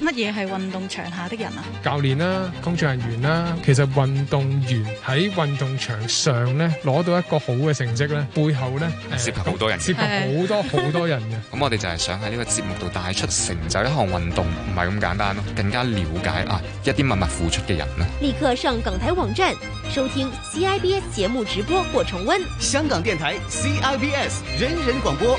乜嘢係運動場下的人啊？教練啦、啊，工作人員啦、啊，其實運動員喺運動場上咧，攞到一個好嘅成績咧，背後咧係涉及好多人，涉及好多好多，多人嘅。咁 我哋就係想喺呢個節目度帶出成就呢項運動唔係咁簡單咯、啊，更加了解啊一啲默默付出嘅人啦、啊。立刻上港台網站收聽 CIBS 節目直播或重溫香港電台 CIBS 人人廣播。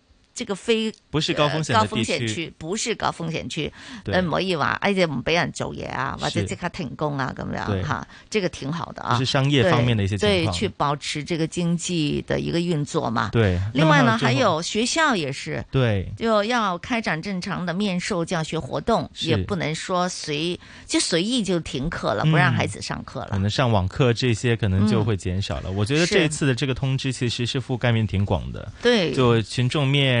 這個非不是高風險地區，不是高風險區，呃，唔可以話哎，就唔俾人做嘢啊，或者即刻停工啊，咁樣吓，這個挺好的啊。是商業方面的一些情況，對，去保持這個經濟的一個運作嘛。對。另外呢，還有學校也是，對，就要開展正常的面授教學活動，也不能說隨就隨意就停課了，不讓孩子上課了。可能上網課這些可能就會減少了。我覺得這次的這個通知其實是覆蓋面挺廣的。對。就群眾面。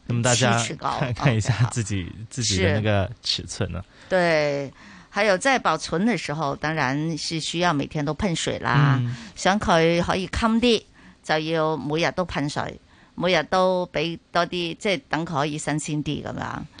咁大家看一下自己自己的那個尺寸啦，啊 okay。對，還有在保存的時候，當然是需要每天都噴水啦。嗯，想佢可以襟啲，就要每日都噴水，每日都俾多啲，即係等佢可以新鮮啲咁樣。有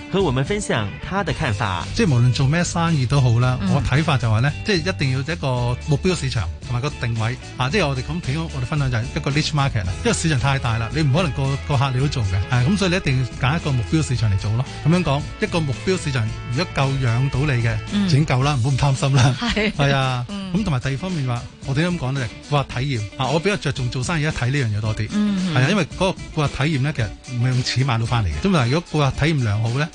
和我們分享他的看法，即係無論做咩生意都好啦。我睇法就話咧，即係一定要一個目標市場同埋個定位啊，即係我哋咁我哋分享就係一個 niche market，因為市場太大啦，你唔可能個個客你都做嘅，係咁所以你一定要揀一個目標市場嚟做咯。咁樣講，一個目標市場如果夠養到你嘅，錢、嗯、夠啦，唔好咁貪心啦，係啊的，咁同埋第二方面話，我哋咁講咧？就是、顧客體驗啊，我比較着重做生意一睇呢樣嘢多啲，係啊、嗯，因為嗰個顧客體驗咧其實唔係用錢買到翻嚟嘅。咁但係如果顧客體驗良好咧？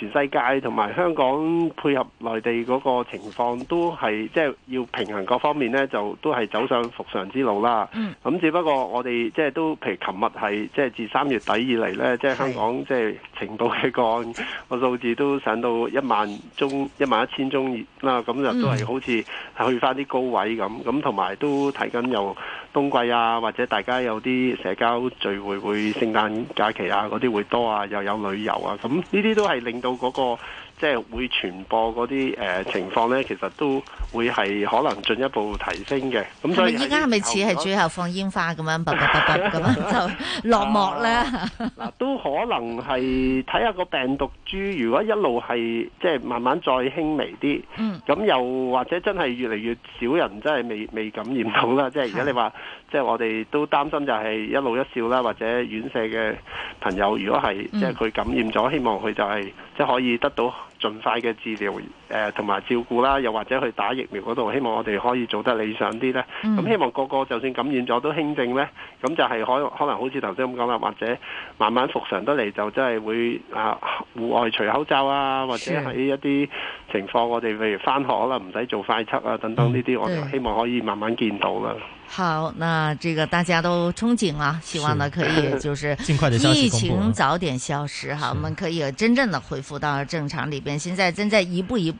全世界同埋香港配合內地嗰個情況都係即係要平衡各方面咧，就都係走上復常之路啦。咁只不過我哋即係都譬如琴日係即係自三月底以嚟咧，即係香港即係程度嘅個案數字都上到一萬宗，一萬一千宗啦。咁就都係好似去翻啲高位咁。咁同埋都睇緊又冬季啊，或者大家有啲社交聚會會聖誕假期啊嗰啲會多啊，又有旅遊啊。咁呢啲都係令到。嗰、那個即係、就是、會傳播嗰啲誒情況咧，其實都會係可能進一步提升嘅。咁所以依家係咪似係最後放煙花咁樣，啵啵啵啵咁樣就落幕咧？嗱、啊啊，都可能係睇下個病毒株，如果一路係即係慢慢再輕微啲，咁、嗯、又或者真係越嚟越少人真係未未感染到啦。即係而家你話。即係我哋都擔心就係一路一笑啦，或者院舍嘅朋友，如果係即係佢感染咗，希望佢就係即係可以得到盡快嘅治療。誒同埋照顧啦，又或者去打疫苗嗰度，希望我哋可以做得理想啲啦。咁、嗯、希望個個就算感染咗都輕症呢，咁就係可可能好似頭先咁講啦，或者慢慢復常得嚟就真係會啊戶外除口罩啊，是或者喺一啲情況，我哋譬如翻學啦，唔使做快測啊等等呢啲，嗯、我哋希望可以慢慢見到啦。好，那這個大家都憧憬啦，希望呢可以就是疫情早點消失哈，是啊、我們可以真正的恢復到正常裏邊。是現在正在一步一步。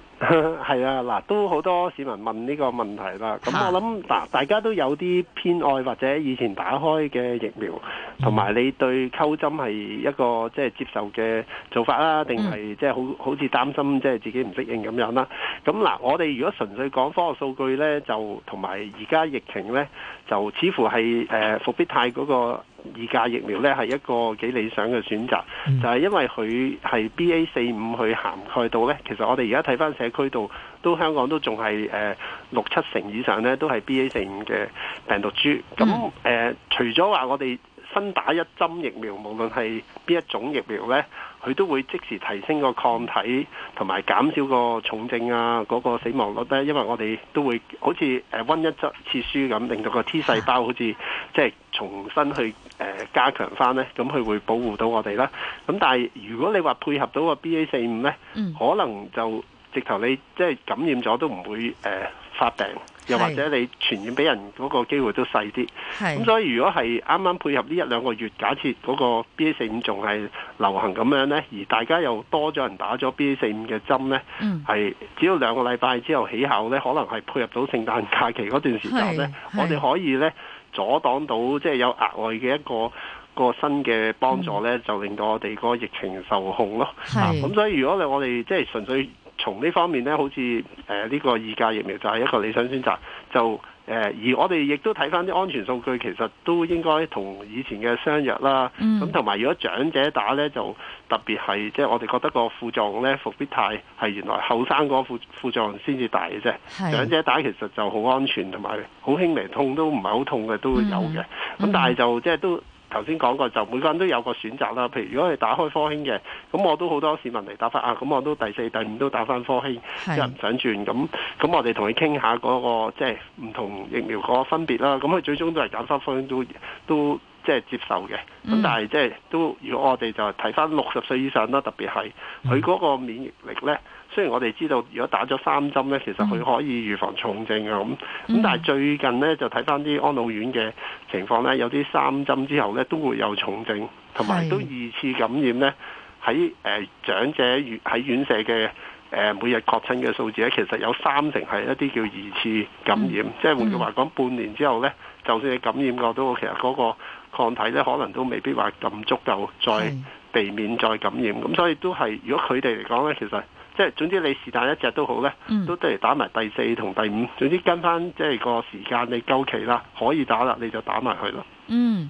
係 啊，嗱，都好多市民問呢個問題啦。咁我諗嗱，大家都有啲偏愛或者以前打開嘅疫苗，同埋你對溝針係一個即係接受嘅做法啦，定係即係好好似擔心即係自己唔適應咁樣啦。咁嗱，我哋如果純粹講科學數據呢，就同埋而家疫情呢，就似乎係誒復必泰嗰個。二價疫苗咧係一個幾理想嘅選擇，就係、是、因為佢係 B A 四五去涵蓋到咧。其實我哋而家睇翻社區度，都香港都仲係誒六七成以上咧，都係 B A 四五嘅病毒株。咁誒、呃、除咗話，我哋新打一針疫苗，無論係邊一種疫苗咧，佢都會即時提升個抗體同埋減少個重症啊，嗰、那個死亡率咧。因為我哋都會好似誒温一針次書咁，令到個 T 細胞好似即係重新去。誒、呃，加強翻呢，咁佢會保護到我哋啦。咁但係如果你話配合到個 B A 四五呢，嗯、可能就直頭你即係、就是、感染咗都唔會誒、呃、發病，又或者你傳染俾人嗰個機會都細啲。咁是，所以如果係啱啱配合呢一兩個月，假設嗰個 B A 四五仲係流行咁樣呢，而大家又多咗人打咗 B A 四五嘅針呢，係、嗯、只要兩個禮拜之後起效呢，可能係配合到聖誕假期嗰段時間呢，我哋可以呢。阻擋到即係、就是、有額外嘅一個一個新嘅幫助呢，就令到我哋個疫情受控咯。咁係、啊、所以如果你我哋即係純粹從呢方面呢，好似誒呢個二價疫苗就係一個理想選擇就。誒，而我哋亦都睇翻啲安全數據，其實都應該同以前嘅相若啦。咁同埋如果長者打呢，就特別係即係我哋覺得個副作用呢，伏必泰係原來後生個副副作用先至大嘅啫。是長者打其實就好安全，同埋好輕微痛都唔係好痛嘅都會有嘅。咁、嗯、但係就即係、嗯、都。頭先講過就每個人都有個選擇啦，譬如如果係打開科興嘅，咁我都好多市民嚟打返。啊，咁我都第四第五都打翻科興，即係唔想轉咁，咁我哋同佢傾下嗰個即係唔同疫苗個分別啦，咁佢最終都係揀翻科興都都即係、就是、接受嘅，咁、嗯、但係即係都如果我哋就係提翻六十歲以上啦，特別係佢嗰個免疫力呢。雖然我哋知道，如果打咗三針呢，其實佢可以預防重症㗎。咁、嗯。咁但係最近呢，就睇翻啲安老院嘅情況呢，有啲三針之後呢，都會有重症，同埋是都二次感染呢。喺誒、呃、長者院喺院舍嘅誒、呃、每日確診嘅數字呢，其實有三成係一啲叫二次感染，嗯、即係換句話講，嗯、半年之後呢，就算你感染過都好，其實嗰個抗體呢，可能都未必話咁足夠再避免再感染。咁是所以都係，如果佢哋嚟講呢，其實。即係，總之你是但一隻都好咧，都得嚟打埋第四同第五。總之跟翻即係個時間你夠期啦，可以打啦，你就打埋佢咯。嗯，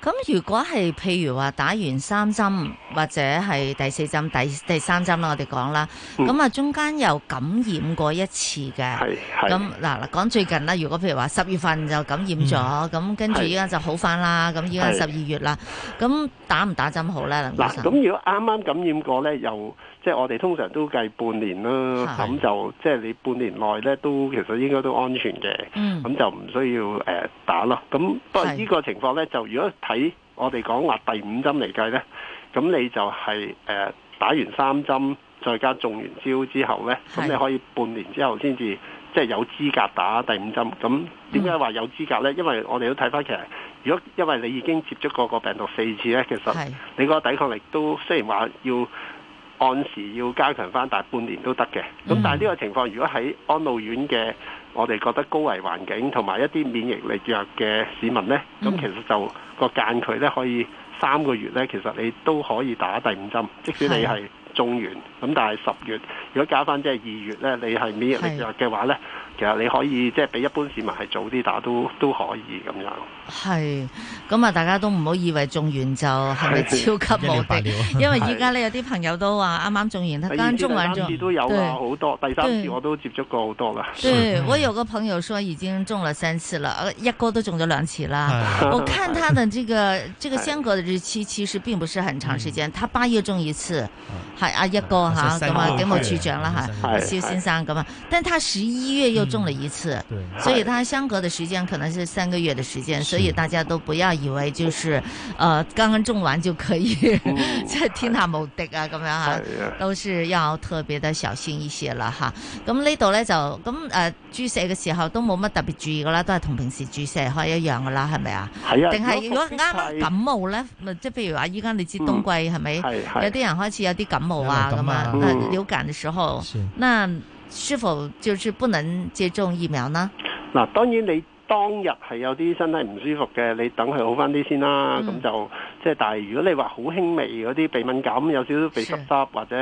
咁如果係譬如話打完三針或者係第四針、第第三針啦，我哋講啦，咁啊中間又感染過一次嘅，咁嗱嗱講最近啦。如果譬如話十月份就感染咗，咁跟住依家就好翻啦。咁依家十二月啦，咁是打唔打針好咧？林醫生，咁、嗯、如果啱啱感染過咧，又。即係我哋通常都計半年啦，咁是的 就即係、就是、你半年內咧都其實應該都安全嘅，咁、嗯、就唔需要誒、呃、打咯。咁不過依個情況咧，就如果睇我哋講話第五針嚟計咧，咁你就係、是、誒、呃、打完三針，再加中完招之後咧，咁是的 你可以半年之後先至即係有資格打第五針。咁點解話有資格咧？因為我哋都睇翻其實，如果因為你已經接觸過個病毒四次咧，其實你個抵抗力都雖然話要。按時要加強返，大半年都得嘅。咁但係呢個情況，如果喺安老院嘅，我哋覺得高危環境同埋一啲免疫力弱嘅市民呢，咁、嗯、其實就個間距呢可以三個月呢，其實你都可以打第五針，即使你係，中完咁，但係十月如果加翻即係二月咧，你係免疫力弱嘅話咧，是其實你可以即係、就是、比一般市民係早啲打都都可以咁樣。係，咁啊，大家都唔好以為中完就係咪超級無敵，是因為而家咧有啲朋友都話啱啱中完，啱啱中完。三次都有啊，好對多第三次我都接觸過好多啦。我有個朋友說已經中咗三次啦，一個都中咗兩次啦。是我看他的這個 是這個相隔的日期其實並不是很長時間，嗯、他八月中一次。阿一哥吓，咁啊警務處長啦哈，肖先生咁啊，但他十一月又中了一次，所以他相隔的時間可能是三個月的時間，所以大家都不要以為就是，呃，剛剛中完就可以即係天下無敵啊咁樣吓，都是要特別的小心一些啦哈。咁呢度咧就咁誒注射嘅時候都冇乜特別注意噶啦，都係同平時注射係一樣噶啦，係咪啊？係啊。定係如果啱感冒咧，即係譬如話依家你知冬季係咪？有啲人開始有啲感冒。啊咁啊！流感嘅時候，那是否就是不能接種疫苗呢？嗱，當然你當日係有啲身體唔舒服嘅，你等佢好返啲先啦。咁、嗯、就即係，但係如果你話好輕微嗰啲鼻敏感，有少少鼻濕濕或者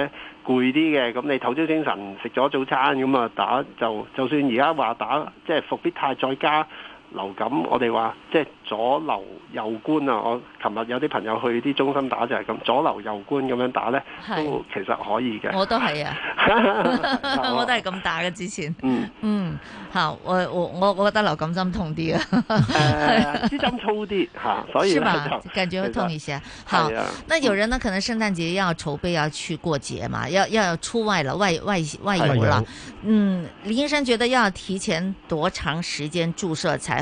攰啲嘅，咁你頭朝精神食咗早餐咁啊打就，就算而家話打即係復必泰再加。流感我哋話即係左流右觀啊！我琴日有啲朋友去啲中心打就係咁左流右觀咁樣打咧，都其實可以嘅。我都係啊，我都係咁打嘅之前。嗯嗯嚇，我我我覺得流感針痛啲啊，支針粗啲嚇，所以是吧？感覺會痛一下。好，那有人呢可能聖誕節要籌備要去過節嘛，要要出外了，外外外遊啦。嗯，林醫生覺得要提前多長時間注射才？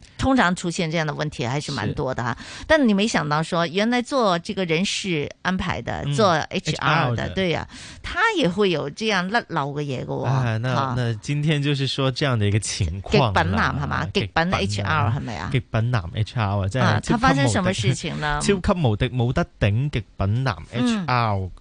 通常出現這樣的問題還是蠻多的哈，但你沒想到說原來做這個人事安排的做 HR 的，對呀，他也會有這樣甩漏嘅嘢嘅。哇！那那今天就是說這樣的一個情況，極品男係嘛？極品 HR 係咪啊？極品男 HR 啊，即係超級無敵冇得頂極品男 HR。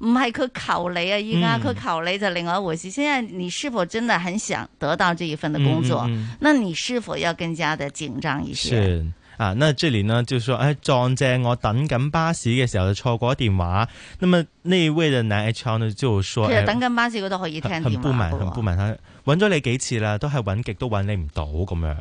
唔係佢求你啊，而家佢求你就另外一回事。嗯、現在你是否真的很想得到這一份的工作？嗯嗯、那你是否要更加的緊張一些？是啊，那這裏呢就說，誒、哎，撞正我等緊巴士嘅時候就錯過咗電話。那麼呢那位嘅男 H R 呢就說，其實等緊巴士嗰度可以聽電話，很不滿，很不滿過，他。揾咗你幾次啦，都係揾極都揾你唔到咁樣。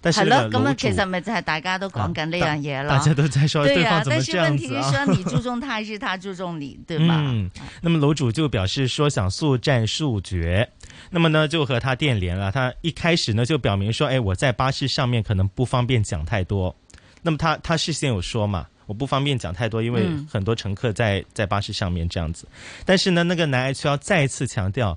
係咯，咁 啊，其實咪就係大家都講緊呢樣嘢咯。大家都在在追翻咁樣、啊。對啊，但是問題是說你注重他還是他注重你， 對吧？嗯。那麼樓主就表示說想速戰速決，那麼呢就和他電聯了。他一開始呢就表明說，誒、哎，我在巴士上面可能不方便講太多。那麼他他事先有說嘛，我不方便講太多，因為很多乘客在在巴士上面這樣子。嗯、但是呢，那個男 HR 要再一次強調。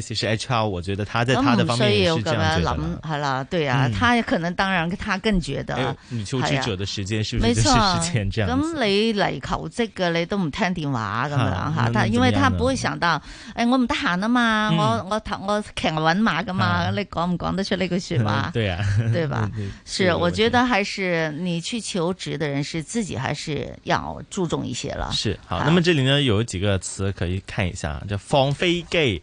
其實 HR，我覺得他在他的方面是這樣子。好了，對啊，他可能當然他更覺得你求職者的時間是不是沒錯。咁你嚟求職嘅，你都唔聽電話咁樣哈他，因為他不會想到哎我唔得閒啊嘛，我我我我文麻噶嘛，你講唔講得出嚟嗰句說話？對啊，對吧？是，我覺得還是你去求職的人是自己還是要注重一些了。是好，那麼這裏呢有幾個詞可以看一下，叫放飛機。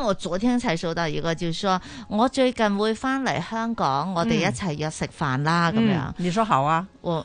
我昨天才收到一個說，如果就說我最近會翻嚟香港，我哋一齊約食飯啦，咁、嗯、樣、嗯。你說好啊？我。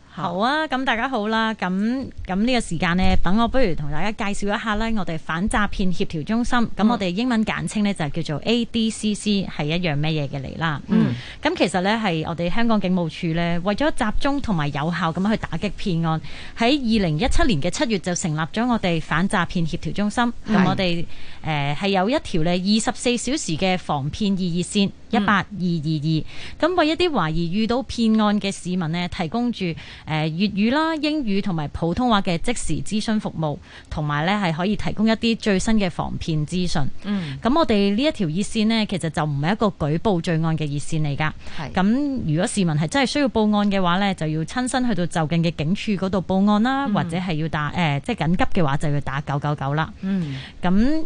好啊，咁大家好啦，咁咁呢個時間呢，等我不如同大家介紹一下呢，我哋反詐騙協調中心，咁、嗯、我哋英文簡稱呢，就叫做 ADCC，係一樣咩嘢嘅嚟啦。嗯，咁其實呢，係我哋香港警務處呢，為咗集中同埋有效咁去打擊騙案，喺二零一七年嘅七月就成立咗我哋反詐騙協調中心，是我哋誒係有一條呢二十四小時嘅防騙易熱線，一八二二二，咁、嗯、為一啲懷疑遇到騙案嘅市民呢，提供住誒、呃、粵語啦、英語同埋普通話嘅即時諮詢服務，同埋呢係可以提供一啲最新嘅防騙資訊。嗯，咁我哋呢一條熱線呢，其實就唔係一個舉報罪案嘅熱線嚟噶。係是，咁如果市民係真係需要報案嘅話呢，就要親身去到就近嘅警署嗰度報案啦，嗯、或者係要打誒即、呃就係、緊急嘅話，就要打九九九啦。嗯，咁。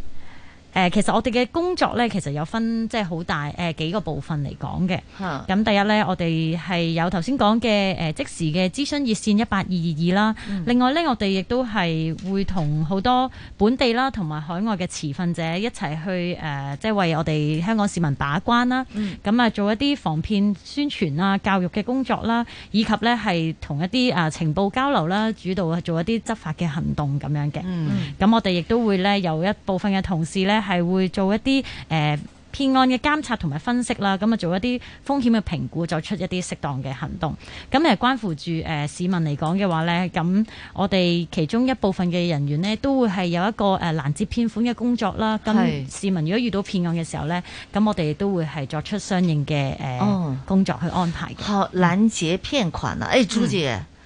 呃、其實我哋嘅工作咧，其實有分即係好大、呃、幾個部分嚟講嘅。咁哈第一咧，我哋係有頭先講嘅呃、即時嘅諮詢熱線一八二二二啦。嗯、另外咧，我哋亦都係會同好多本地啦，同埋海外嘅持份者一齊去、呃、即係為我哋香港市民把關啦。咁啊、嗯，做一啲防騙宣傳啊、教育嘅工作啦，以及咧係同一啲、呃、情報交流啦，主導做一啲執法嘅行動咁樣嘅。咁、嗯、我哋亦都會咧有一部分嘅同事咧。係會做一啲誒、呃、騙案嘅監察同埋分析啦，咁啊做一啲風險嘅評估，作出一啲適當嘅行動。咁、嗯、誒關乎住誒、呃、市民嚟講嘅話咧，咁、嗯、我哋其中一部分嘅人員呢，都會係有一個誒攔截騙款嘅工作啦。咁市民如果遇到騙案嘅時候咧，咁我哋都會係作出相應嘅誒工作去安排嘅。好、嗯，攔截騙款啊！誒，朱姐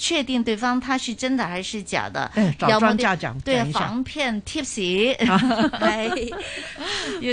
確定對方他是真的還是假的，哎、要裝講對防騙 tips，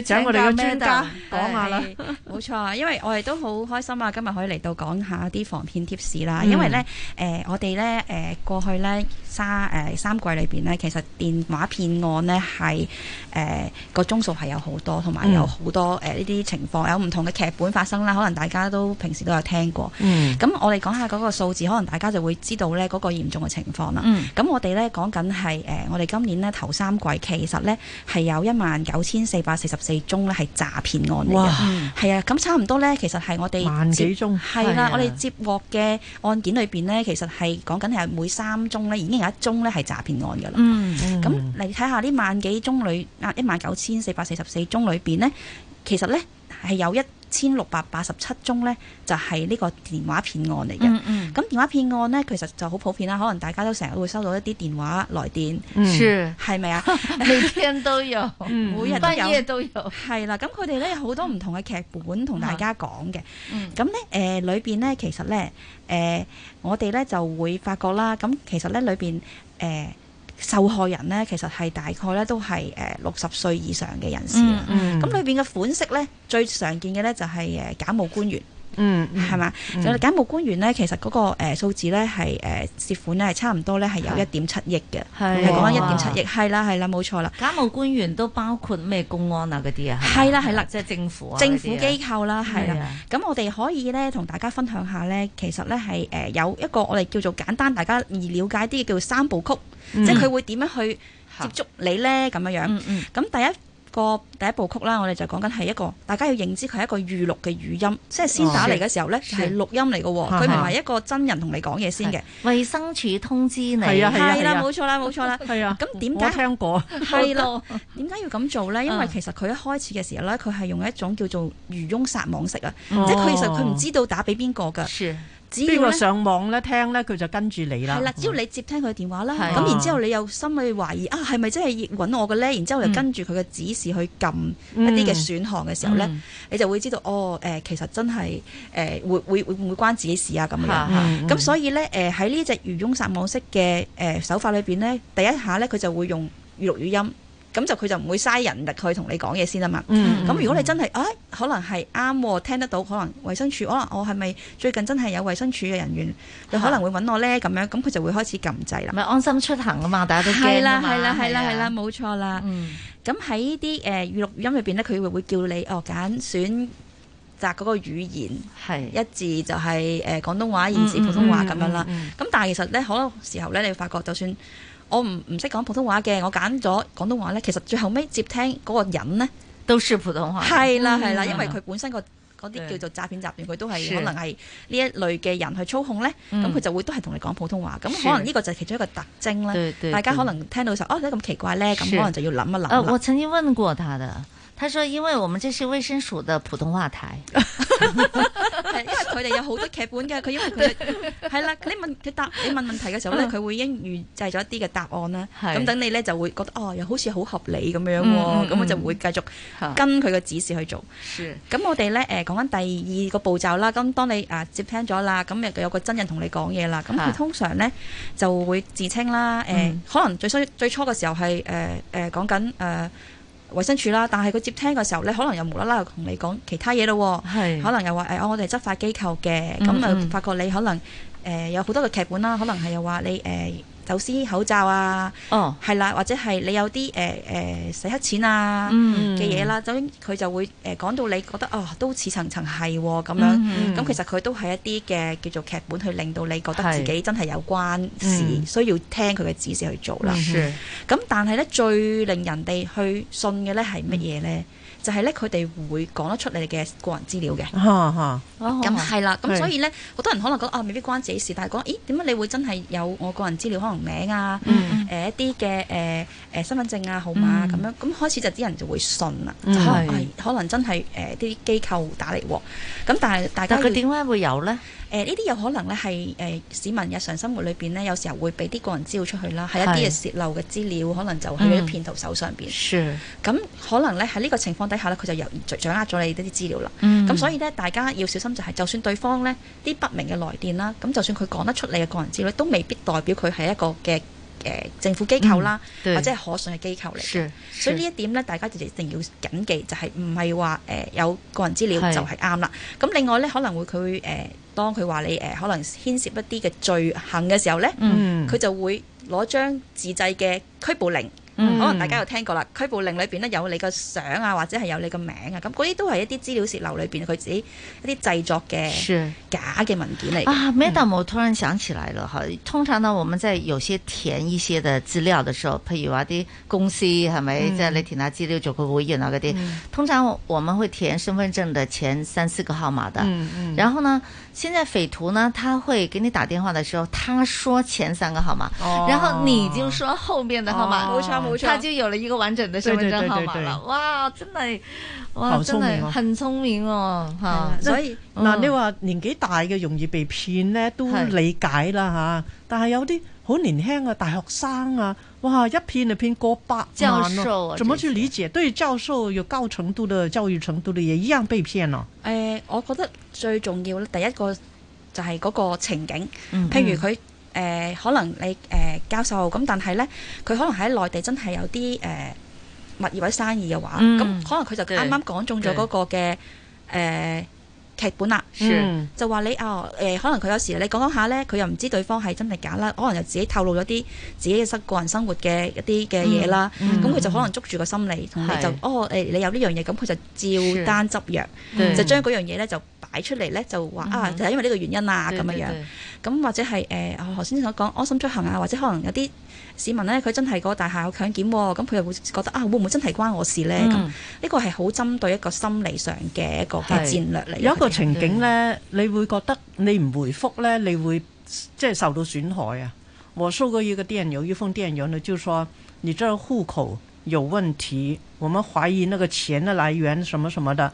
請我哋嘅專家講下啦，冇、哎、錯，因為我哋都好開心啊，今日可以嚟到講下啲防騙 tips 啦。嗯、因為咧，誒、呃，我哋咧，誒、呃，過去咧三誒、呃、三季裏邊咧，其實電話騙案咧係誒個宗數係有好多，同埋有好多誒呢啲情況，有、呃、唔同嘅劇本發生啦。可能大家都平時都有聽過，咁、嗯、我哋講下嗰個數字，可能大家就會知。到咧嗰個嚴重嘅情況啦，咁、嗯、我哋咧講緊係誒，我哋今年咧頭三季其實咧係有一萬九千四百四十四宗咧係詐騙案嘅，係啊，咁、嗯、差唔多咧，其實係我哋萬幾宗係啦，的的我哋接獲嘅案件裏邊咧，其實係講緊係每三宗咧，已經有一宗咧係詐騙案噶啦，咁你睇下呢萬幾宗裏啊，一萬九千四百四十四宗裏邊咧，其實咧係有一。千六百八十七宗咧，就係、是、呢個電話騙案嚟嘅。咁、嗯嗯、電話騙案咧，其實就好普遍啦。可能大家都成日會收到一啲電話來電，係咪啊？吧 每天都有，嗯、每日都有，乜嘢都有。係啦，咁佢哋咧有好多唔同嘅劇本同大家講嘅。咁咧、嗯，誒、呃、裏邊咧，其實咧，誒、呃、我哋咧就會發覺啦。咁其實咧裏邊，誒、呃。受害人呢，其實係大概呢都係誒六十歲以上嘅人士，咁裏、嗯嗯、面嘅款式呢，最常見嘅呢，就係誒假冒官員。嗯，係嘛？就係假冒官員咧，其實嗰個誒數字咧係誒涉款咧係差唔多咧係有一點七億嘅，係講緊一點七億，係啦係啦冇錯啦。假冒官員都包括咩公安啊嗰啲啊，係啦係啦，即係政府啊政府機構啦，係啦。咁我哋可以咧同大家分享下咧，其實咧係誒有一個我哋叫做簡單大家易了解啲嘅叫做三部曲，即係佢會點樣去接觸你咧咁樣樣。咁第一。個第一部曲啦，我哋就講緊係一個，大家要認知佢係一個預錄嘅語音，即係先打嚟嘅時候呢係是錄音嚟嘅。佢唔係一個真人同你講嘢先嘅，衛生署通知你係啦，冇、啊啊啊啊、錯啦，冇錯啦。係 啊，咁點解？我聽過係咯，點 解、啊、要咁做呢？因為其實佢一開始嘅時候呢，佢係用一種叫做漁翁撒網式啊，哦、即係佢其實佢唔知道打俾邊個㗎。只要上網咧聽咧，佢就跟住你啦。係啦，只要你接聽佢電話啦。咁的然之後，你又心裡懷疑是的啊，係咪真係揾我嘅咧？然之後又跟住佢嘅指示去撳一啲嘅選項嘅時候咧，嗯、你就會知道哦，誒、呃、其實真係誒、呃、會會會唔會，會關自己的事啊咁樣。咁所以咧誒喺呢隻漁、呃、翁撒網式嘅誒、呃、手法裏邊咧，第一下咧佢就會用預錄語音。咁就佢就唔會嘥人力去同你講嘢先啊嘛。咁如果你真係，可能係啱，聽得到，可能衛生署，可能我係咪最近真係有衛生署嘅人員，你可能會揾我呢。咁樣，咁佢就會開始禁制啦，咪安心出行啊嘛，大家都驚啊係啦，係啦，係啦，啦，冇錯啦。咁喺呢啲誒語錄音裏面呢，佢會會叫你哦，揀選擇嗰個語言，一字就係誒廣東話，二是普通話咁樣啦。咁但係其實呢，好多時候呢，你發覺就算，我唔唔識講普通話嘅，我揀咗廣東話呢，其實最後尾接聽嗰個人呢，都説普通話。係啦，係啦，因為佢本身個嗰啲叫做詐騙集團，佢都係可能係呢一類嘅人去操控呢。咁佢就會都係同你講普通話。咁可能呢個就係其中一個特徵啦。大家可能聽到時候，哦，點咁奇怪呢？咁可能就要諗一諗。我曾經問過他的。他說，因為我們這是衛生署的普通話台，因為佢哋有好多劇本嘅，佢因為佢係啦。你問佢答，你問問題嘅時候咧，佢會應預製咗一啲嘅答案啦。咁等的你咧就會覺得哦，又好似好合理咁樣，哦，咁、嗯嗯、我就會繼續跟佢嘅指示去做。咁的我哋咧誒講緊第二個步驟啦。咁當你啊接聽咗啦，咁有有個真人同你講嘢啦，咁佢通常咧、啊、就會自稱啦。誒、呃，嗯、可能最初最初嘅時候係誒誒講緊誒。呃呃衛生署啦，但係佢接聽嘅時候咧，你可能又無啦啦又同你講其他嘢咯，是可能又話誒、哎，我哋係執法機構嘅，咁啊、嗯嗯、發覺你可能誒、呃、有好多個劇本啦，可能係又話你誒。呃走私口罩啊，係、oh. 啦，或者係你有啲誒誒洗黑錢啊嘅嘢啦，咁佢、mm hmm. 就會誒講、呃、到你覺得哦都似層層係咁、哦、樣，咁、mm hmm. 其實佢都係一啲嘅叫做劇本，去令到你覺得自己真係有關事，需、mm hmm. 要聽佢嘅指示去做啦。咁、mm hmm. 但係咧，最令人哋去信嘅咧係乜嘢咧？Mm hmm. 就係咧，佢哋會講得出你哋嘅個人資料嘅，咁係啦，咁所以咧，好多人可能覺得啊，未必關自己事，但係講，咦，點解你會真係有我個人資料，可能名啊，誒、嗯呃、一啲嘅誒誒身份證啊、號碼啊咁樣，咁開始就啲人就會信啦，可能真係誒啲機構打嚟喎、啊，咁但係大家，佢點解會有咧？誒呢啲有可能咧係、呃、市民日常生活裏邊，咧，有時候會俾啲個人資料出去啦，係是一啲嘅泄露嘅資料，可能就喺啲騙徒手上邊。咁、嗯、可能咧喺呢個情況底下咧，佢就由掌握咗你啲資料啦。咁、嗯、所以咧，大家要小心就係、是，就算對方咧啲不明嘅來電啦，咁就算佢講得出你嘅個人資料，都未必代表佢係一個嘅。誒、呃、政府機構啦，嗯、或者係可信嘅機構嚟，嘅。所以呢一點咧，大家就一定要緊記，就係唔係話誒有個人資料就係啱啦。咁是另外咧，可能會佢誒、呃、當佢話你誒、呃、可能牽涉一啲嘅罪行嘅時候咧，佢、嗯、就會攞張自製嘅拘捕令。嗯、可能大家有聽過啦，拘捕令裏邊咧有你個相啊，或者係有你個名啊，咁嗰啲都係一啲資料泄漏裏邊佢自己一啲製作嘅是假嘅文件嚟。啊，Madam，、嗯、我突然想起來了哈，通常呢，我們在有些填一些的資料嘅時候，譬如話、啊、啲公司係咪即係你填下資料，就做個會員呀嗰啲。嗯、通常我們會填身份證的前三四個號碼的，嗯嗯、然後呢，現在匪徒呢，他會給你打電話的時候，他說前三個號碼，哦、然後你就說後面的號碼。哦他就有了一個完整的身份證號碼，哇，真係，哇，真係，真的真的很聰明哦，啊、吓、啊啊！所以嗱，嗯、那你話年紀大嘅容易被騙咧，都理解啦吓。是但係有啲好年輕嘅大學生啊，哇，一騙就騙過百萬咯！教授啊，怎麼去理解？對教授有高程度的教育程度的，也一樣被騙咯，啊？誒、呃，我覺得最重要咧，第一個就係嗰個情景，嗯嗯，譬如佢。誒、呃、可能你誒、呃、教授咁，但係咧佢可能喺內地真係有啲誒、呃、物業或者生意嘅話，咁、嗯、可能佢就啱啱講中咗嗰、那個嘅誒劇本啦，是就話你哦誒可能佢有時你講講下咧，佢又唔知對方係真係假啦，可能他有時候你講講又自己透露咗啲自己嘅生個人生活嘅一啲嘅嘢啦，咁佢、嗯嗯、就可能捉住個心理，同埋是就哦、呃、你有呢樣嘢，咁、嗯、佢就照單執藥是、嗯，就將嗰樣嘢咧就。睇出嚟咧就話啊，就係因為呢個原因啊咁樣樣，咁、嗯、或者係誒，我頭先所講安心出行啊，或者可能有啲市民咧，佢真係個大廈有強檢，咁佢又會覺得啊，會唔會真係關我事咧？咁呢、嗯、個係好針對一個心理上嘅一個嘅戰略嚟。是就是、有一個情景咧，對你會覺得你唔回覆咧，你會即係受到損害啊。我收過一個電郵，一封電郵呢，就說你這個戶口有問題，我們懷疑那個錢嘅來源什麼什麼的。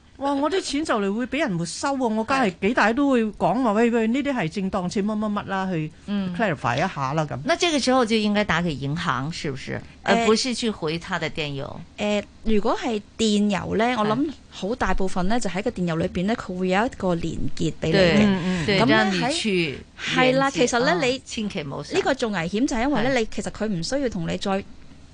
哇！我啲錢就嚟會俾人沒收喎，我梗係幾大都會講話喂喂，呢啲係正當錢乜乜乜啦，去 clarify 一下啦咁、嗯。那這個時候就應該打俾銀行，是不是？誒、欸，不是去回他的電郵。誒、欸，如果係電郵咧，我諗好大部分咧就喺、是、個電郵裏邊咧，佢會有一個連結俾你嘅。嗯嗯。對，有連係啦，其實咧你千祈冇，呢、哦、個仲危險就係、是、因為咧你的其實佢唔需要同你再。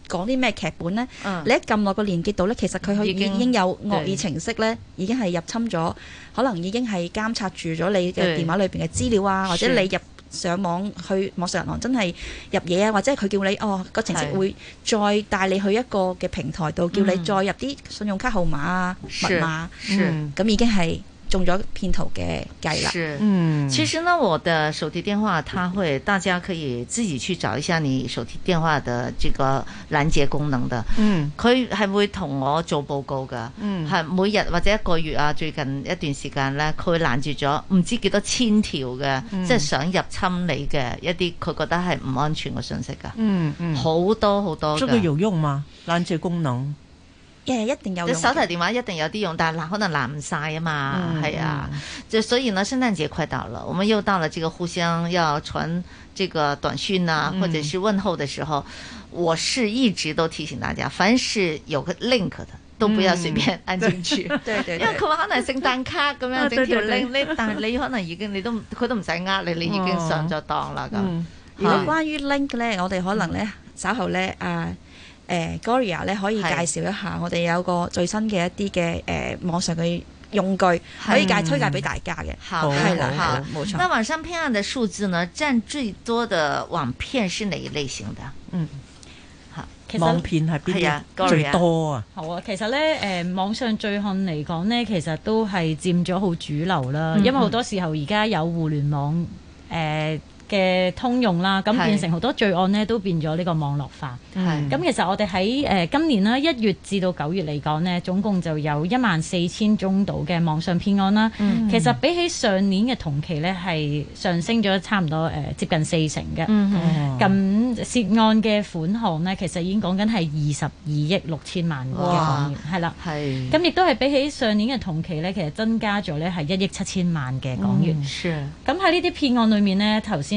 講啲咩劇本呢？Uh, 你一撳落個連結度呢，其實佢已已經有惡意程式呢，已經係入侵咗，可能已經係監察住咗你嘅電話裏邊嘅資料啊，對或者你入上網去網上銀行真係入嘢啊，或者佢叫你哦個程式會再帶你去一個嘅平台度，對叫你再入啲信用卡號碼啊、對密碼，咁已經係。.中咗騙徒嘅計啦，嗯，其實呢，我的手提電話，他會，大家可以自己去找一下你手提電話的這個攔截功能的，嗯，佢係會同我做報告的，嗯，係每日或者一個月啊，最近一段時間呢，佢攔住咗唔知幾多千條嘅，即係、嗯、想入侵你嘅一啲，佢覺得係唔安全嘅信息噶、嗯，嗯好多好多，這個有用嗎？攔截功能？嘅、yeah, 一定有用的，即手提電話一定有啲用，但係可能難唔晒啊嘛，係、mm hmm. 啊，即所以呢，聖誕節快到了，我們又到了這個互相要傳這個短訊啊，mm hmm. 或者是問候的時候，我是一直都提醒大家，凡是有個 link 嘅都不要隨便按進去，因為佢話可能聖誕卡咁樣整條 link， 對但係你可能已經你都佢都唔使呃你，你已經上咗當啦咁。如果關於 link 咧，我哋可能咧、mm hmm. 稍後咧啊。Uh, 誒 Gloria 咧可以介紹一下，我哋有個最新嘅一啲嘅網上嘅用具，可以介推介俾大家嘅，係啦，冇錯。那網上騙案的數字呢，佔最多的網片是哪一類型的？嗯，網片係邊啊？最多啊！好啊，其實咧，網上罪行嚟講咧，其實都係佔咗好主流啦，因為好多時候而家有互聯網嘅通用啦，咁變成好多罪案咧，是都變咗呢個網絡化。咁是其實我哋喺誒今年啦，一月至到九月嚟講咧，總共就有一萬四千宗度嘅網上騙案啦。嗯、哼其實比起上年嘅同期咧，係上升咗差唔多誒、呃、接近四成嘅。咁、嗯、哼涉案嘅款項咧，其實已經講緊係二十二億六千萬嘅港元，係啦。咁亦都係比起上年嘅同期咧，其實增加咗咧係一億七千萬嘅港元。咁喺呢啲騙案裏面咧，頭先。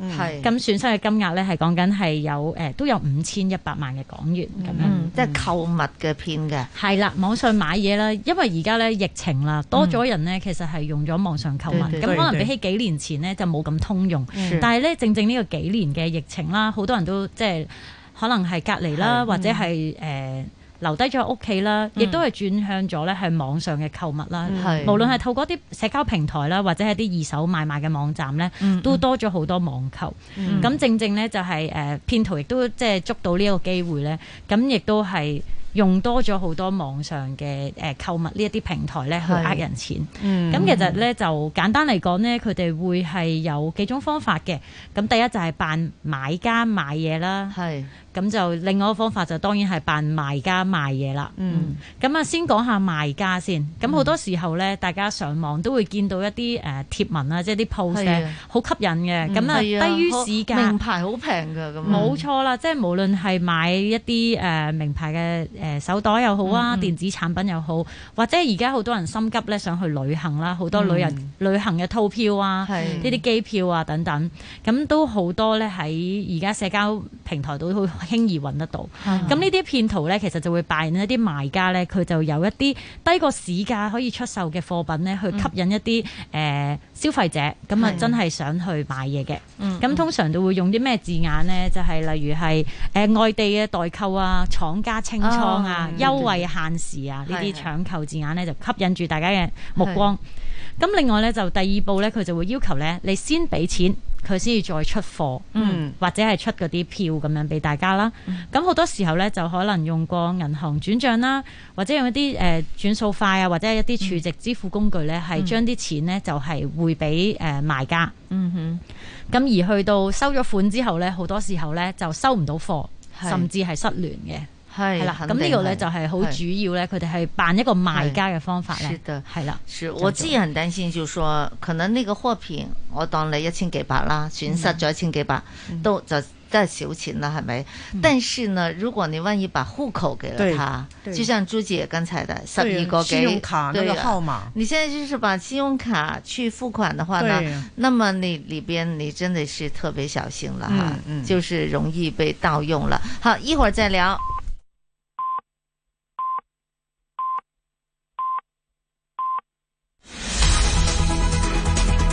係咁損失嘅金額咧，係講緊係有誒、呃，都有五千一百萬嘅港元咁、嗯、樣，嗯、即係購物嘅片嘅。係啦、嗯，網上買嘢啦，因為而家咧疫情啦，多咗人咧，其實係用咗網上購物。咁、嗯、可能比起幾年前咧，就冇咁通用。嗯、是但係咧，正正呢個幾年嘅疫情啦，好多人都即係可能係隔離啦，是或者係誒。嗯呃留低咗屋企啦，亦都係轉向咗咧去網上嘅購物啦。嗯、無論係透過啲社交平台啦，或者係啲二手買賣嘅網站咧，嗯嗯、都多咗好多網購。咁、嗯、正正咧就係、是、誒騙徒亦都即係捉到呢一個機會咧，咁亦都係用多咗好多網上嘅誒購物呢一啲平台咧去呃人錢。咁、嗯、其實咧就簡單嚟講咧，佢哋會係有幾種方法嘅。咁第一就係扮買家買嘢啦。係。咁就另外一個方法就當然係扮賣家賣嘢啦。嗯。咁啊，先講下賣家先。咁好多時候咧，嗯、大家上網都會見到一啲誒、呃、貼文啊，即係啲 post，好的吸引嘅。咁啊，低於市價。名牌好平㗎，咁。冇錯啦，即係無論係買一啲、呃、名牌嘅手袋又好啊，嗯、電子產品又好，或者而家好多人心急咧，想去旅行啦，好多旅人旅行嘅套票啊，呢啲、嗯、機票啊等等，咁的都好多咧喺而家社交平台都好。輕易揾得到，咁呢啲騙徒呢，其實就會扮一啲賣家呢，佢就有一啲低過市價可以出售嘅貨品呢，去吸引一啲誒、嗯呃、消費者，咁啊、嗯、真係想去買嘢嘅。咁、嗯、通常都會用啲咩字眼呢？就係、是、例如係誒、呃、外地嘅代購啊、廠家清倉啊、哦嗯、優惠限時啊呢啲、嗯、搶購字眼呢，嗯、就吸引住大家嘅目光。咁、嗯、另外呢，就第二步呢，佢就會要求呢，你先俾錢。佢先至再出貨，嗯、或者係出嗰啲票咁樣俾大家啦。咁好、嗯、多時候咧，就可能用過銀行轉帳啦，或者用一啲誒、呃、轉數快啊，或者一啲儲值支付工具咧，係、嗯、將啲錢咧就係匯俾誒賣家。嗯哼，咁而去到收咗款之後咧，好多時候咧就收唔到貨，是甚至係失聯嘅。係啦，咁呢個咧就係好主要咧，佢哋係扮一個賣家嘅方法咧。係啦，我自己很擔心就說，可能呢個貨品我當你一千幾百啦，損失咗一千幾百都就都係小錢啦，係咪？但是呢，如果你萬一把戶口給了他，就像朱姐剛才的十二個，信用卡那個號碼，你現在就是把信用卡去付款的話呢，那麼你裏邊你真的是特別小心啦，哈，就是容易被盜用了。好，一會兒再聊。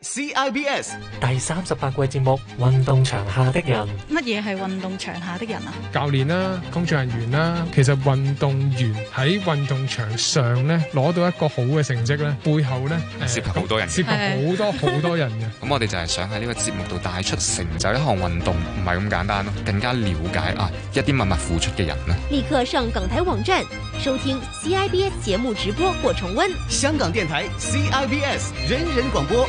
CIBS 第三十八季節目《運動場下的人》，乜嘢係運動場下的人啊？教練啦，工作人員啦，其實運動員喺運動場上咧，攞到一個好嘅成績咧，背後咧係涉及好多人，涉及好多好多人嘅。咁我哋就係想喺呢個節目度帶出，成就一項運動唔係咁簡單咯，更加了解啊一啲默默付出嘅人啦。立刻上港台網站收聽 CIBS 節目直播或重溫。香港電台 CIBS 人人廣播。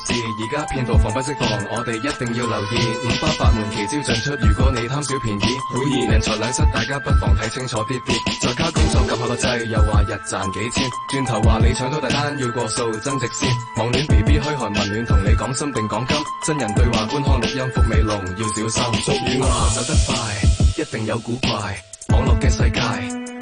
事而家騙徒防不勝防，我哋一定要留意五花八門奇招盡出。如果你貪小便宜，好易人財兩失，大家不妨睇清楚啲啲，在家工作撳下個掣，又話日賺幾千，轉頭話你搶到大單要過數增值先。網戀 BB 噓寒問暖，同你講心定講金，真人對話觀看錄音福美龍要小心。俗語話、啊、走得快一定有古怪，網絡嘅世界。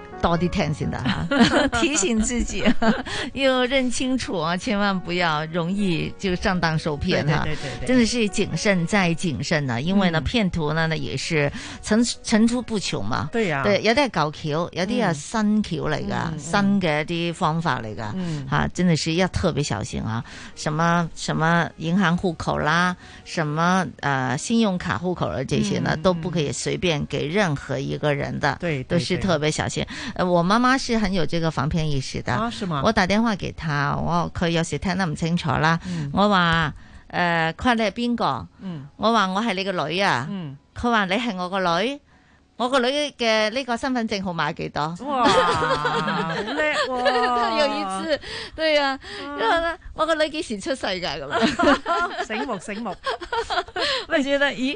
到底貪心的,天性的、啊、 提醒自己、啊，要認清楚啊！千萬不要容易就上當受騙啊！對對,對對對，真的是謹慎再謹慎呢、啊。因為呢，騙徒、嗯、呢也是層層出不窮嘛。對呀、啊，對，有啲係舊橋，有啲係新橋嚟噶，新嘅一啲方法來噶。嗯，啊，真的是要特別小心啊！什麼什麼銀行戶口啦，什麼呃信用卡戶口啦，這些呢嗯嗯都不可以隨便給任何一個人的。對、嗯嗯，都是特別小心。對對對.我媽媽是很有這個防騙意識的。啊、我打電話給她，我佢有時聽得唔清楚啦。我話誒，佢話你係邊個？嗯。我話我係你個女啊。佢話你係我個女，我個女嘅呢個身份證號碼幾多？好叻喎！ 哦、 有一次，對啊，嗯、因為咧，我個女幾時出世噶啦？ 醒目醒目，就 覺得咦。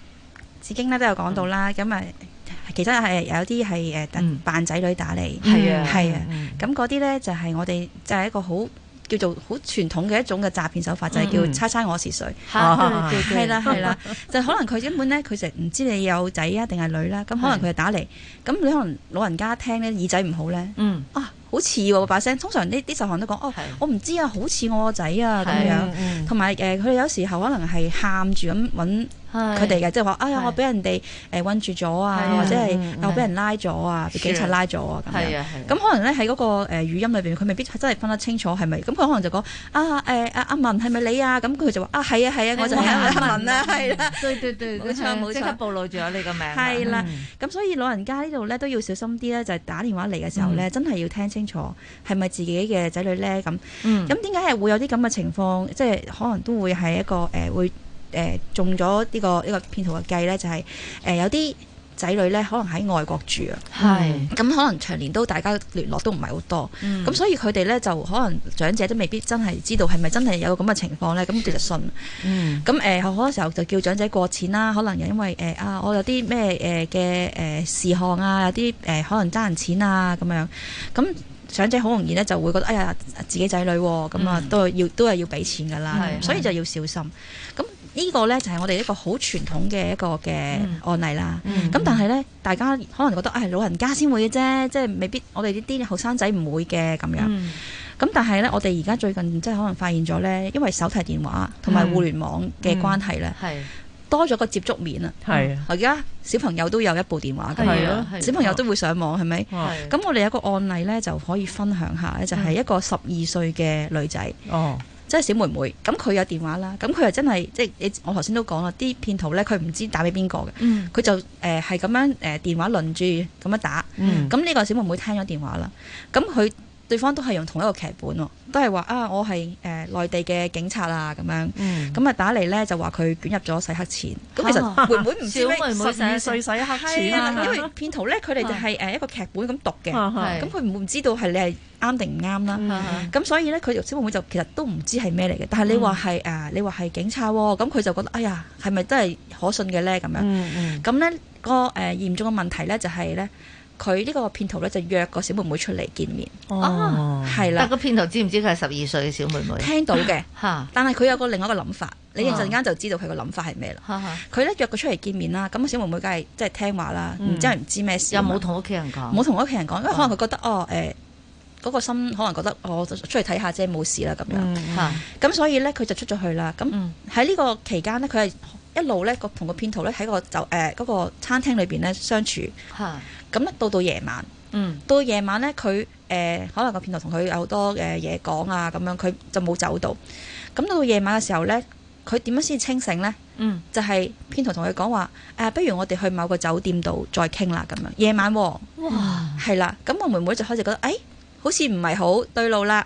子京咧都有講到啦，咁啊，其實係有啲係誒扮仔女打嚟，係啊，係啊，咁嗰啲咧就係我哋就係一個好叫做好傳統嘅一種嘅詐騙手法，就係叫猜猜我是誰，係啦，係啦，就可能佢根本咧佢就唔知你有仔啊定係女啦，咁可能佢打嚟，咁你可能老人家聽咧耳仔唔好咧，啊，好似喎把聲，通常呢啲受害人都講，哦，我唔知啊，好似我個仔啊咁樣，同埋誒佢哋有時候可能係喊住咁揾。佢哋嘅即係話：哎呀，我俾人哋誒困住咗啊，或者係我俾人拉咗啊，俾警察拉咗啊。咁可能咧喺嗰個誒語音裏邊，佢未必真係分得清楚係咪。咁佢可能就講：啊誒阿阿文係咪你啊？咁佢就話：啊係啊係啊，我就係阿文啦，係啦。對對對，冇錯冇錯，即刻暴露咗我你個名。係啦，咁所以老人家呢度咧都要小心啲咧，就係打電話嚟嘅時候咧，真係要聽清楚係咪自己嘅仔女咧咁。咁點解係會有啲咁嘅情況？即係可能都會係一個誒會。誒、呃、中咗、這個這個、呢個呢個騙徒嘅計咧，就係、是、誒、呃、有啲仔女咧，可能喺外國住啊，係是，咁、嗯嗯、可能長年都大家聯絡都唔係好多，咁所以佢哋咧就可能長者都未必真係知道係咪真係有咁嘅情況咧，咁就，就信了，咁誒好多時候就叫長者過錢啦，可能又因為誒、呃、啊，我有啲咩誒嘅誒事項啊，有啲誒、呃、可能爭人錢啊咁樣，咁長者好容易咧就會覺得哎呀自己仔女喎、哦，咁啊都要、嗯、都係要俾錢㗎啦，是所以就要小心，咁是。嗯呢個呢，就係我哋一個好傳統嘅一個嘅案例啦。咁但係呢，大家可能覺得啊，老人家先會嘅啫，即係未必我哋呢啲後生仔唔會嘅咁樣。咁但係呢，我哋而家最近即係可能發現咗呢，因為手提電話同埋互聯網嘅關係呢，多咗個接觸面啦。係啊，而家小朋友都有一部電話嘅，小朋友都會上網係咪？咁我哋有一個案例呢，就可以分享下呢就係一個十二歲嘅女仔。即係小妹妹，咁佢有電話啦，咁佢又真係即係，我頭先都講啦，啲騙徒咧，佢唔知打俾邊個嘅，佢就誒係咁樣誒、呃、電話輪住咁樣打，嗯、咁呢個小妹妹聽咗電話啦，咁佢。對方都係用同一個劇本喎，都係話啊，我係誒內地嘅警察啊，咁樣，咁啊打嚟咧就話佢捲入咗洗黑錢。咁其實妹妹唔知咩十二歲洗黑錢啦，因為騙徒咧佢哋就係誒一個劇本咁讀嘅，咁佢唔會知道係你係啱定唔啱啦。咁所以咧佢小妹妹就其實都唔知係咩嚟嘅。但係你話係誒，你話係警察喎，咁佢就覺得哎呀，係咪真係可信嘅咧？咁樣咁咧個誒嚴重嘅問題咧就係咧。佢呢個騙徒咧就約個小妹妹出嚟見面，哦，係啦。但個騙徒知唔知佢係十二歲嘅小妹妹？聽到嘅，但係佢有個另外一個諗法，你一陣間就知道佢個諗法係咩啦。佢咧約佢出嚟見面啦，咁小妹妹梗係即係聽話啦，真係唔知咩事又冇同屋企人講，冇同屋企人講，因為可能佢覺得哦誒嗰個心可能覺得我出去睇下啫，冇事啦咁樣嚇。咁所以咧佢就出咗去啦。咁喺呢個期間咧，佢係一路咧個同個騙徒咧喺個就誒嗰個餐廳裏邊咧相處嚇。咁到到夜晚，嗯，到夜晚咧佢誒，可能個編導同佢有好多誒嘢講啊咁樣，佢、呃、就冇走到。咁到到夜晚嘅時候咧，佢點樣先清醒咧？嗯、就係編導同佢講話誒，不如我哋去某個酒店度再傾啦咁樣。夜晚、哦，哇，係啦，咁我妹妹就開始覺得誒。哎好似唔係好對路啦，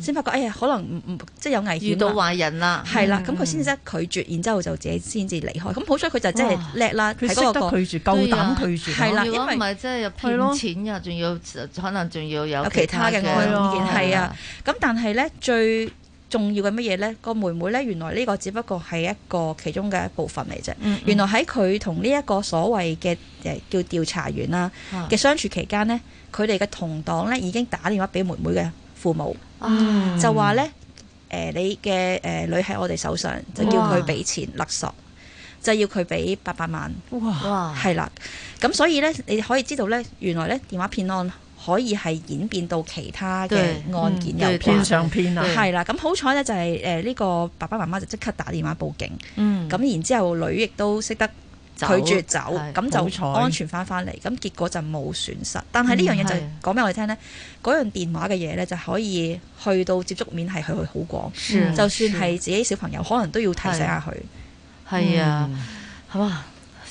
先發覺哎呀，可能唔唔即係有危險，遇到壞人啦，係啦，咁佢先至得拒絕，然之後就自己先至離開。咁好彩佢就真係叻啦，佢識得拒絕，夠膽拒絕。係啦，因為唔係真係入邊錢啊，仲要可能仲要有其他嘅意見。係啊，咁但係咧最重要嘅乜嘢呢？個妹妹呢，原來呢個只不過係一個其中嘅一部分嚟啫。原來喺佢同呢一個所謂嘅誒叫調查員啦嘅相處期間呢，佢哋嘅同黨呢已經打電話俾妹妹嘅父母，嗯、就話呢：呃「誒你嘅誒女喺我哋手上，就叫佢俾錢勒哇索，就要佢俾八百萬。」哇！係啦，咁所以呢，你可以知道呢，原來呢電話騙案。可以係演變到其他嘅案件有拍上片啊，係啦。咁好彩咧，就係誒呢個爸爸媽媽就即刻打電話報警。咁然之後，女亦都識得拒絕走，咁就安全翻翻嚟。咁結果就冇損失。但係呢樣嘢就講俾我哋聽咧，嗰樣電話嘅嘢咧，就可以去到接觸面係去好廣。就算係自己小朋友，可能都要提醒下佢。係啊，好啊。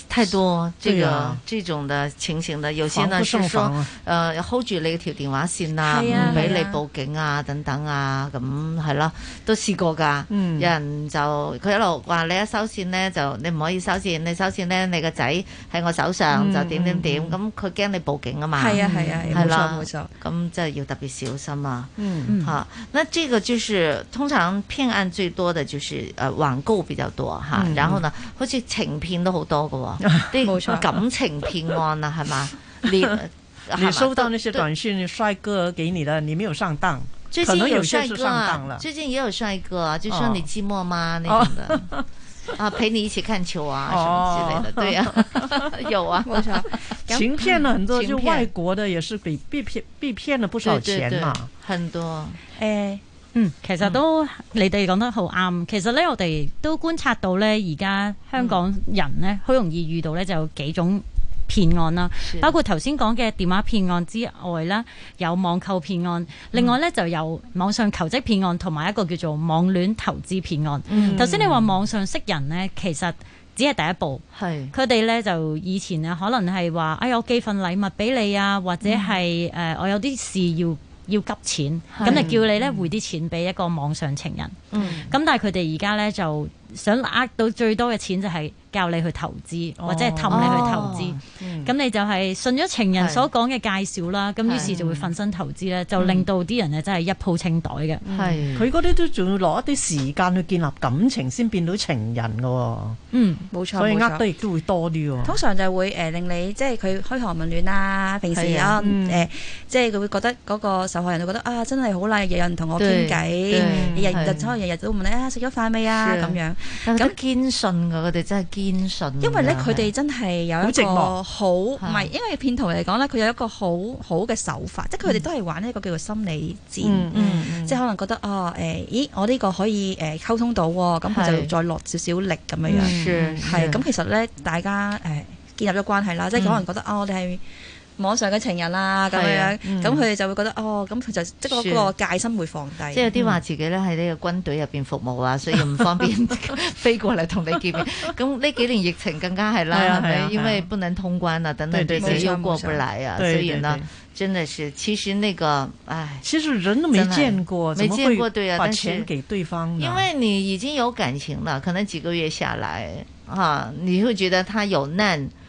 太多。這個呢種嘅情形的，有些呢就說，誒 hold 住你一條電話線啊，唔俾你報警啊，等等啊，咁係咯，都試過噶，有人就佢一路話你一收線呢，就你唔可以收線，你收線呢，你個仔喺我手上就點點點，咁佢驚你報警啊嘛，係啊係啊，係啦，冇錯，咁即係要特別小心啊，吓。那這個就是通常騙案最多嘅，就是誒網購比較多哈，然後呢好似情騙都好多噶。對感情騙案了係嘛？你你收到那些短信，帥哥給你的，你沒有上當？最近有帥哥啊，最近也有帥哥，就說你寂寞嗎？那種的啊，陪你一起看球啊，什麼之類的，對啊，有啊。我想行騙了很多，就外國的也是被被騙被騙了不少錢嘛，很多嗯，其實都、嗯、你哋講得好啱。其實咧，我哋都觀察到咧，而家香港人咧好容易遇到咧就有幾種騙案啦，是包括頭先講嘅電話騙案之外啦，有網購騙案，嗯、另外咧就有網上求職騙案同埋一個叫做網戀投資騙案。頭先、嗯、你話網上識人咧，其實只係第一步。係是，佢哋咧就以前啊，可能係話，哎呀，我寄份禮物俾你啊，或者係誒，我有啲事要。要急錢，咁就叫你咧匯啲錢俾一個網上情人。咁的、嗯、但係佢哋而家咧就～想呃到最多嘅錢就係教你去投資，或者係氹你去投資。咁你就係信咗情人所講嘅介紹啦。咁於是就會瞓身投資啦，就令到啲人咧真係一鋪清袋嘅。係，佢嗰啲都仲要攞一啲時間去建立感情先變到情人嘅。嗯，冇錯，所以呃得亦都會多啲。通常就會令你即係佢噓寒問暖啦。平時啊誒，即係佢會覺得嗰個受害人都覺得啊，真係好啦，有人同我傾偈，日日之後日日都問你啊，食咗飯未啊咁樣。咁堅信㗎，佢哋真係堅信。因為咧，佢哋真係有一個好，唔係，因為騙徒嚟講咧，佢有一個好好嘅手法，即係佢哋都係玩呢一個叫做心理戰。嗯，即係可能覺得哦，誒，咦，我呢個可以誒溝通到喎，咁佢就再落少少力咁樣樣。係，咁其實咧，大家誒建立咗關係啦，即係可能覺得啊，我哋係，網上嘅情人啦、啊，咁樣、啊，咁佢哋就會覺得哦，咁佢就即係嗰個戒心會放低。即係有啲話自己咧喺呢個軍隊入邊服務啊，所以唔方便 飛過嚟同你見面。咁呢 幾年疫情更加係啦，啊啊啊、因為不能通關啊，等等自己又過唔來啊。對對對，所以呢，真的是其實那個，唉，其實人都沒見過，沒見過，對啊，但是因為你已經有感情了，可能幾個月下來，哈、啊，你會覺得他有難。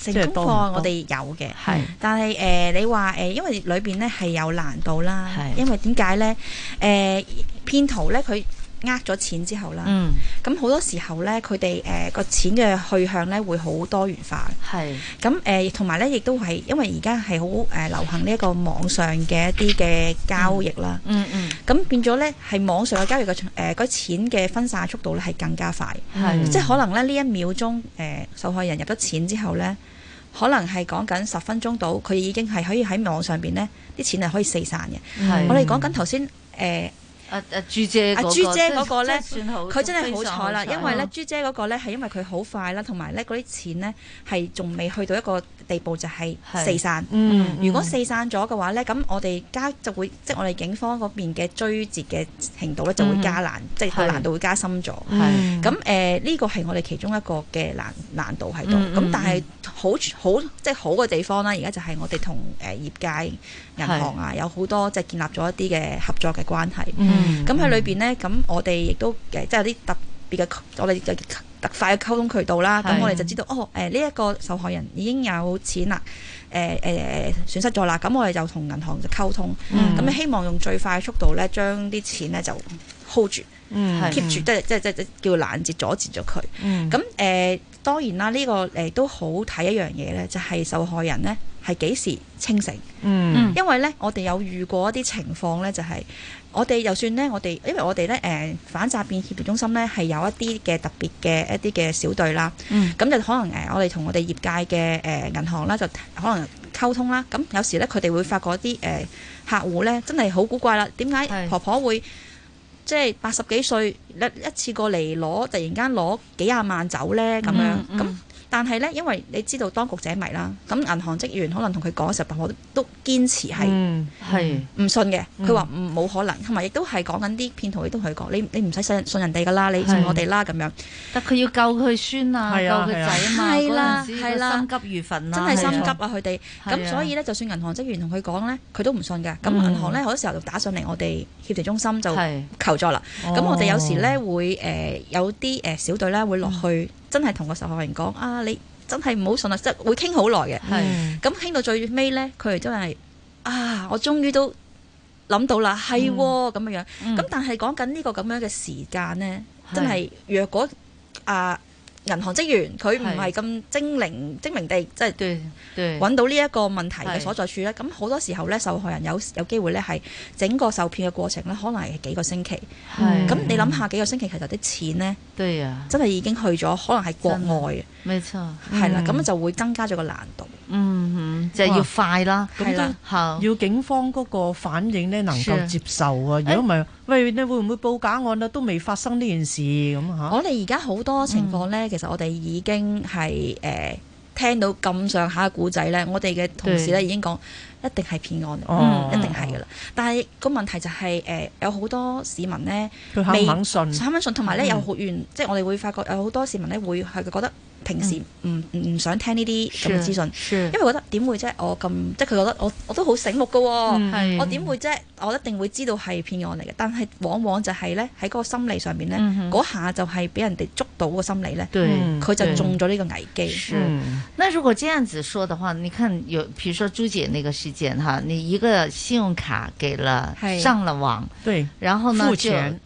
成功個案我哋有嘅，啊、但係誒、呃、你話誒、呃，因為裏邊咧係有難度啦，是因為點解咧？誒、呃、騙徒咧佢呃咗錢之後啦，咁好、嗯、多時候咧，佢哋誒個錢嘅去向咧會好多元化嘅，咁誒同埋咧亦都係因為而家係好誒流行呢一個網上嘅一啲嘅交易啦，咁、嗯嗯嗯、變咗咧係網上嘅交易嘅誒個錢嘅分散速度咧係更加快，是即係可能咧呢這一秒鐘誒、呃、受害人入咗錢之後咧。可能係講緊十分鐘到，佢已經係可以喺網上面呢啲錢係可以四散嘅。是的 我哋講緊頭先誒。阿朱姐，阿朱姐嗰個咧，佢真係好彩啦，因為咧朱姐嗰個咧係因為佢好快啦，同埋咧嗰啲錢咧係仲未去到一個地步，就係四散。嗯，如果四散咗嘅話咧，咁我哋加就會即係我哋警方嗰邊嘅追截嘅程度咧就會加難，即係個難度會加深咗。係咁誒，呢個係我哋其中一個嘅難難度喺度。咁但係好好即係好嘅地方啦，而家就係我哋同誒業界。銀行啊，有好多即係、就是、建立咗一啲嘅合作嘅關係。咁喺、嗯、裏邊咧，咁、嗯、我哋亦都誒，即係有啲特別嘅，我哋嘅特快嘅溝通渠道啦。咁是我哋就知道，哦，誒呢一個受害人已經有錢啦，誒誒誒，損、呃、失咗啦。咁我哋就同銀行就溝通，咁、嗯、希望用最快嘅速度咧，將啲錢咧就 hold 住、嗯、keep 住，嗯、即係即係即係叫攔截、阻截咗佢。咁誒、嗯呃，當然啦，呢、這個誒、呃、都好睇一樣嘢咧，就係、是、受害人咧。係幾時清醒？嗯，因為咧，我哋有遇過一啲情況咧、就係，就係我哋就算咧，我哋因為我哋咧誒反詐騙協調中心咧係有一啲嘅特別嘅一啲嘅小隊啦。嗯，咁就可能誒，我哋同我哋業界嘅誒、呃、銀行啦，就可能溝通啦。咁有時咧，佢哋會發覺一啲誒、呃、客戶咧，真係好古怪啦。點解婆婆會是即係八十幾歲一一次過嚟攞，突然間攞幾廿萬走咧？咁樣咁。嗯嗯但係咧，因為你知道當局者迷啦，咁銀行職員可能同佢講嘅時候，我都堅持係，係唔信嘅。佢話唔冇可能，同埋亦都係講緊啲騙徒亦都係講。你你唔使信信人哋噶啦，你信我哋啦咁樣。但佢要救佢孫啊，救佢仔啊嘛，係啦，係啦，心急如焚啦，真係心急啊佢哋。咁所以咧，就算銀行職員同佢講咧，佢都唔信嘅。咁銀行咧好多時候就打上嚟，我哋協調中心就求助啦。咁我哋有時咧會誒有啲誒小隊咧會落去。真係同個受害人講啊，你真係唔好信啦，即係會傾好耐嘅。咁傾是到最尾咧，佢真係啊，我終於都諗到啦，係咁嘅樣。咁但係講緊呢個咁樣嘅時間咧，是真係若果啊。銀行職員佢唔係咁精靈是精明地，即係揾到呢一個問題嘅所在處咧，咁好多時候咧，受害人有有機會咧，係整個受騙嘅過程咧，可能係幾個星期。咁是、嗯、你諗下幾個星期其實啲錢咧，對啊，真係已經去咗，可能係國外。冇錯，係、嗯、啦，咁就會增加咗個難度。嗯哼，就係、是、要快啦，咁哇都要警方嗰個反應咧的能夠接受啊，如果唔係。喂，你會唔會報假案啊？都未發生呢件事咁嚇。我哋而家好多情況咧，嗯、其實我哋已經係誒、呃、聽到咁上下嘅故仔咧，我哋嘅同事咧已經講對一定係騙案，哦，一定係噶啦。但係個問題就係、是、誒、呃，有好多市民咧未肯、肯信，肯信同埋咧有好遠，嗯、即係我哋會發覺有好多市民咧會係覺得。平時唔唔、嗯嗯、想聽呢啲咁嘅資訊，因為覺得點會啫？我咁即係佢覺得我我都好醒目㗎喎、哦，嗯、我點會啫？我一定會知道係騙案嚟嘅。但係往往就係咧喺嗰個心理上面咧，嗰、嗯、哼下就係俾人哋捉到嘅心理咧，佢、嗯、就中咗呢個危機、嗯。那如果這樣子說的話，你看有，譬如說朱姐那個事件哈，你一個信用卡給了是上了網，對然後呢就。錢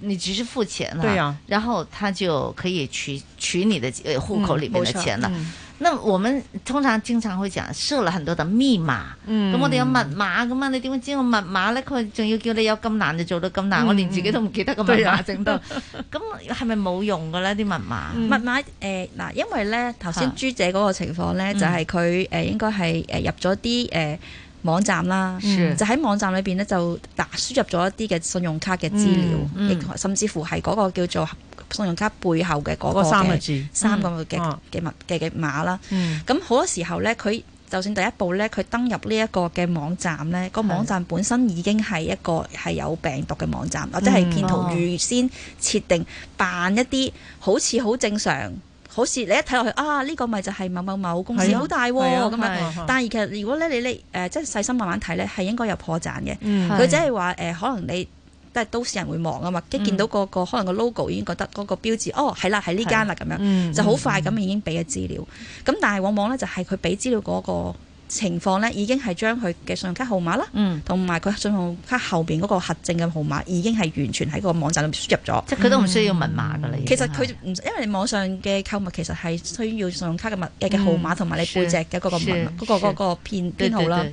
你只是付錢啦、啊啊，然後他就可以取取你的戶口裏面的錢啦。嗯嗯、那我們通常經常會講，設了很多的密碼，咁、嗯、我哋有密碼噶嘛？你點會知個密碼咧？佢仲要叫你有咁難就做到咁難，難、嗯、我連自己都唔記得個密碼正多。咁係咪冇用噶呢？啲密碼？密碼誒嗱、呃，因為咧頭先朱姐嗰個情況咧，啊、就係佢誒應該係誒、呃、入咗啲誒。呃網站啦，是就喺網站裏邊咧就打輸入咗一啲嘅信用卡嘅資料，嗯嗯、甚至乎係嗰個叫做信用卡背後嘅嗰個的三個字、三個嘅嘅密嘅嘅碼啦。咁好、嗯嗯、多時候咧，佢就算第一步咧，佢登入呢一個嘅網站咧，個網站本身已經係一個係有病毒嘅網站，是或者係騙徒預先設定扮一啲好似好正常。好似你一睇落去啊，呢、呢個咪就係某某某公司好、啊、大喎咁樣。啊啊啊、但係其實如果咧你你誒即係細心慢慢睇咧，係應該有破綻嘅。佢只係話誒，可能你都係都市人會望啊嘛，一見到、嗰個個、嗯、可能嗰個 logo 已經覺得嗰個標誌哦係啦，係呢間啦咁樣，嗯、就好快咁已經俾咗資料。咁但係往往咧就係佢俾資料嗰個。情況咧已經係將佢嘅信用卡號碼啦，同埋佢信用卡後邊嗰個核證嘅號碼已經係完全喺個網站入面輸入咗，即係佢都唔需要密碼㗎啦。其實佢唔因為你網上嘅購物其實係需要信用卡嘅密嘅號碼同埋你背脊嘅嗰個密嗰個嗰個片號啦。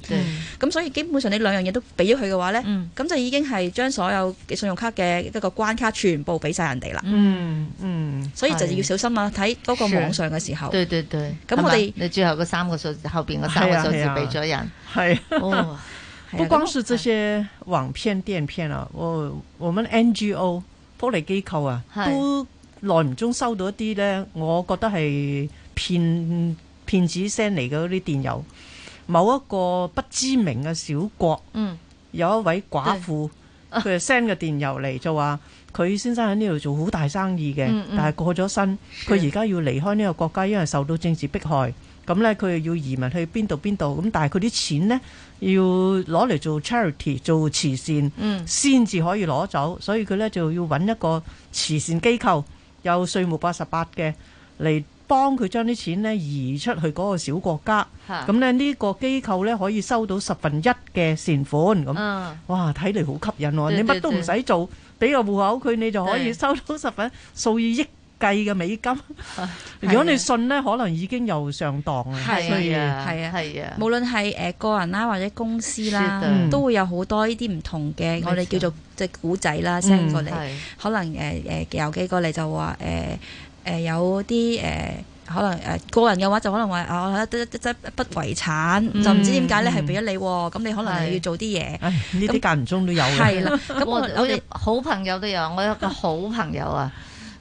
咁所以基本上你兩樣嘢都俾咗佢嘅話咧，咁就已經係將所有信用卡嘅一個關卡全部俾晒人哋啦。所以就要小心啊！睇嗰個網上嘅時候，對對對，咁我哋你最後嗰三個數後邊個數。到時俾咗人係，不光是這些網騙電騙啦、啊，我我們 NGO 福利機構啊，啊都耐唔中收到一啲呢。我覺得係騙騙子 send 嚟嗰啲電郵。某一個不知名嘅小國，嗯，有一位寡婦，佢 send 個電郵嚟就話：佢先生喺呢度做好大生意嘅，嗯嗯，但係過咗身，佢而家要離開呢個國家，因為受到政治迫害。咁呢，佢要移民去邊度邊度？咁但係佢啲錢呢，要攞嚟做 charity 做慈善，先至、嗯、可以攞走。所以佢呢，就要揾一個慈善機構，有稅務八十八嘅，嚟幫佢將啲錢呢移出去嗰個小國家。咁呢、嗯，呢個機構呢，可以收到十分一嘅善款。咁，哇睇嚟好吸引喎！嗯、你乜都唔使做，俾個戶口佢，你就可以收到十分，數以億。計嘅美金，如果你信咧，可能已經又上當啦。係啊，係啊，係啊。無論係誒個人啦，或者公司啦，都會有好多呢啲唔同嘅，我哋叫做即係古仔啦，send 過嚟。可能誒誒有幾過嚟就話誒誒有啲誒可能誒個人嘅話就可能話哦得得一筆遺產，就唔知點解咧係俾咗你，咁你可能要做啲嘢。呢啲間唔中都有嘅。係啦，咁我我好朋友都有，我有個好朋友啊。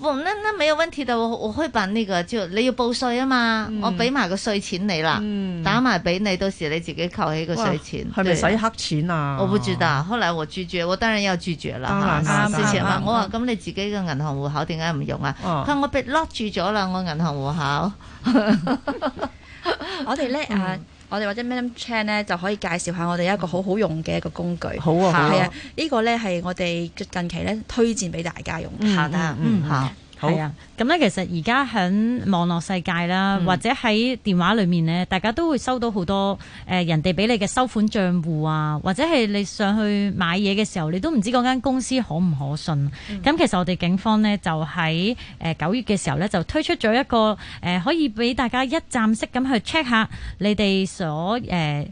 唔，那那沒有問題的，我我可以辦呢個，你要報稅啊嘛，我俾埋個稅錢你啦，打埋俾你，到時你自己扣起個稅錢，係咪洗黑錢啊？我不知道後來，我拒絕，我當然要拒絕啦。啱啱啱啱，我話咁你自己個銀行戶口點解唔用啊？佢話我被 lock 住咗啦，我銀行戶口。我哋咧啊～我哋或者 Madam Chan 咧就可以介紹下我哋一個好好用嘅一個工具，好啊，係啊，啊個呢個咧係我哋近期咧推薦俾大家用。好的，嗯，好。係好啊，咁咧其實而家喺網絡世界啦，嗯、或者喺電話裏面咧，大家都會收到好多誒人哋俾你嘅收款賬戶啊，或者係你上去買嘢嘅時候，你都唔知嗰間公司可唔可信。咁、嗯、其實我哋警方咧就喺九月嘅時候咧就推出咗一個誒可以俾大家一站式咁去 check 下你哋所誒。呃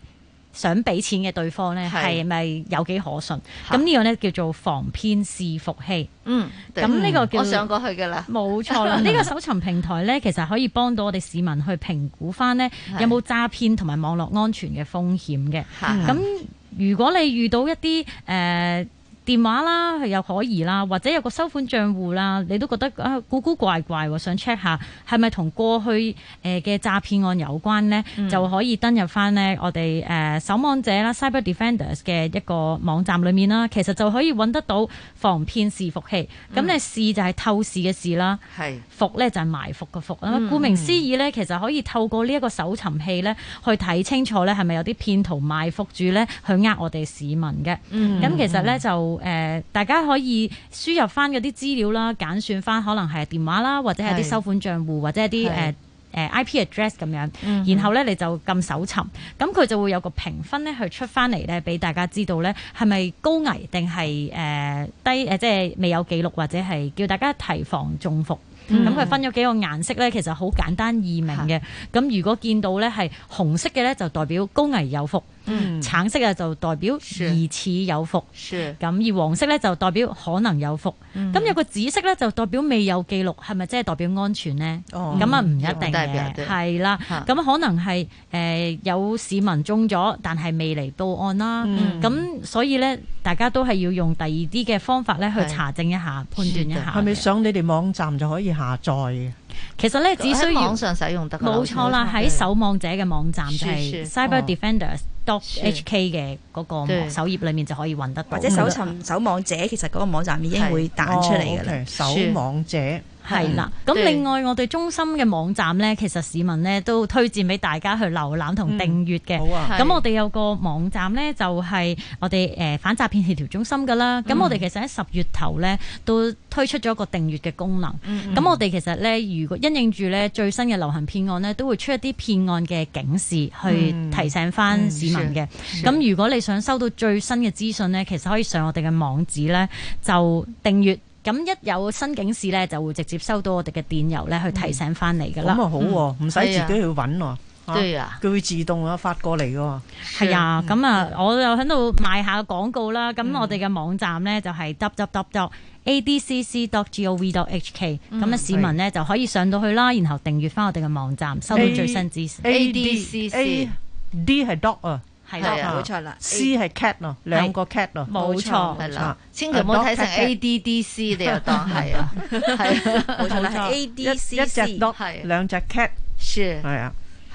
想俾錢嘅對方咧，係咪有幾可信？咁的呢個咧叫做防騙視伏器。嗯，咁呢個叫、嗯、我上過去嘅啦，冇錯啦。呢 個搜尋平台咧，其實可以幫到我哋市民去評估翻咧的有冇詐騙同埋網絡安全嘅風險嘅。咁的如果你遇到一啲誒，呃電話啦，又可以啦，或者有個收款帳戶啦，你都覺得啊，古古怪怪，想 check 下係咪同過去誒嘅、呃、詐騙案有關呢？嗯、就可以登入翻呢我哋誒、呃、守網者啦 （Cyber Defenders） 嘅一個網站裡面啦，其實就可以揾得到防騙視伏器。咁、嗯、你視就係透視嘅視啦，是伏呢就係、是、埋伏嘅伏。啦、嗯。顧名思義呢，其實可以透過呢一個搜尋器呢去睇清楚呢係咪有啲騙徒埋伏住呢去呃我哋市民嘅。咁、嗯、其實呢就。誒、呃，大家可以輸入翻嗰啲資料啦，簡算翻可能係電話啦，或者係啲收款賬戶，是或者係啲誒誒 IP address 咁樣，嗯、哼然後咧你就撳搜尋，咁佢就會有個評分咧去出翻嚟咧，俾大家知道咧係咪高危定係誒低誒、呃，即係未有記錄或者係叫大家提防中伏。咁佢分咗幾個顏色咧，其實好簡單易明嘅。咁如果見到咧係紅色嘅咧，就代表高危有伏；橙色啊，就代表疑似有伏；咁而黃色咧就代表可能有伏。咁有個紫色咧就代表未有記錄，係咪即係代表安全呢？咁啊唔一定嘅，係啦。咁可能係誒有市民中咗，但係未嚟報案啦。咁所以咧，大家都係要用第二啲嘅方法咧去查證一下、判斷一下。係咪上你哋網站就可以？下載。其實咧只需要網上使用得。冇錯啦，喺守望者嘅網站就係 Cyber Defenders HK 嘅嗰個首頁裏面就可以揾得到，或者搜尋守望者，其實嗰個網站已經會彈出嚟嘅啦。守望者係啦，咁另外我哋中心嘅網站咧，其實市民咧都推薦俾大家去瀏覽同訂閱嘅。咁我哋有個網站咧，就係我哋誒反詐騙協調中心噶啦。咁我哋其實喺十月頭咧都推出咗一個訂閱嘅功能。咁我哋其實咧因應住咧最新嘅流行騙案咧，都會出一啲騙案嘅警示，去提醒翻市民嘅。咁、嗯嗯、如果你想收到最新嘅資訊咧，其實可以上我哋嘅網址咧就訂閱。咁一有新警示咧，就會直接收到我哋嘅電郵咧去提醒翻你嘅。咁、嗯、啊好，唔使、嗯、自己去揾。對啊，佢會自動啊發過嚟噶嘛。係啊，咁啊，我又喺度賣下廣告啦。咁我哋嘅網站咧就係 dot dot dot dot a d c c dot g o v dot h k。咁啊，市民咧就可以上到去啦，然後訂閱翻我哋嘅網站，收到最新資訊。a d c c d 係 dog 啊，係冇錯啦。c 係 cat 咯，兩個 cat 咯，冇錯，係啦。千祈唔好睇成 a d d c，你又當係啊，係冇錯啦。a d c c d 兩隻 cat，係啊。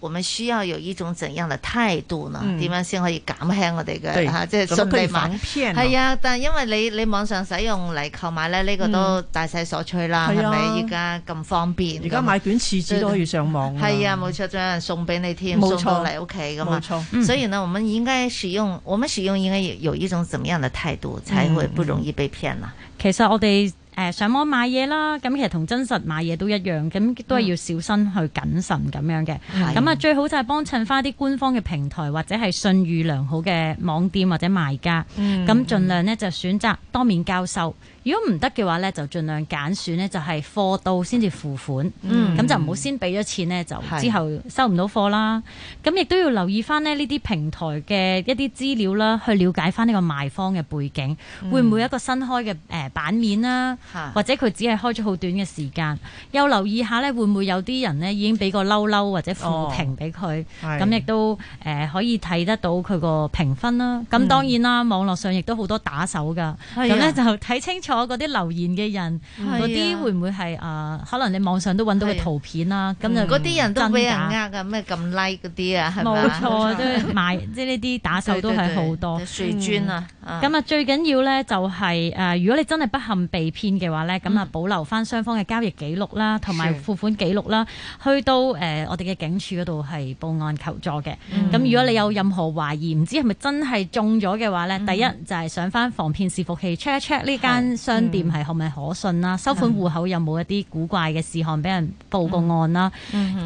我們需要有一種怎樣嘅態度呢？點、嗯、樣先可以減輕我哋嘅吓，即係順利買？係啊，啊，但係因為你你網上使用嚟購買咧，呢、這個都大勢所趨啦，係咪、嗯？而家咁方便，而家買卷廁紙都要上網。係啊，冇錯，仲有人送俾你添，送到嚟屋企噶嘛。嗯、所以呢，我們應該使用，我們使用應該有有一種怎麼樣嘅態度，才會不容易被騙啦、啊嗯。其實我哋。誒上網買嘢啦，咁其實同真實買嘢都一樣，咁都係要小心去謹慎咁、嗯、樣嘅。咁啊的，最好就係幫襯翻啲官方嘅平台或者係信譽良好嘅網店或者賣家，咁盡、嗯、量呢，就選擇當面交收。如果唔得嘅話咧，就盡量揀選咧，就係、是、貨到先至付款。嗯，咁就唔好先俾咗錢咧，就之後收唔到貨啦。咁亦都要留意翻咧呢啲平台嘅一啲資料啦，去了解翻呢個賣方嘅背景，嗯、會唔會有一個新開嘅誒版面啦？是或者佢只係開咗好短嘅時間，又留意下咧，會唔會有啲人咧已經俾個嬲嬲或者負評俾佢？咁亦都誒可以睇得到佢個評分啦。咁、嗯、當然啦，網絡上亦都好多打手噶，咁咧、哎、呀就睇清楚。我嗰啲留言嘅人，嗰啲會唔會係，啊？可能你網上都揾到嘅圖片啦，咁啊，嗰啲人都俾人呃嘅咩咁 like 嗰啲啊，係冇錯，都買，即係呢啲打手都係好多水磚啊。咁啊，最緊要咧就係，誒，如果你真係不幸被騙嘅話咧，咁啊保留翻雙方嘅交易記錄啦，同埋付款記錄啦，去到誒我哋嘅警署嗰度係報案求助嘅。咁如果你有任何懷疑，唔知係咪真係中咗嘅話咧，第一就係上翻防騙視伺器 check 一 check 呢間。商店係可唔可信啦？收款戶口有冇一啲古怪嘅事項俾人報個案啦？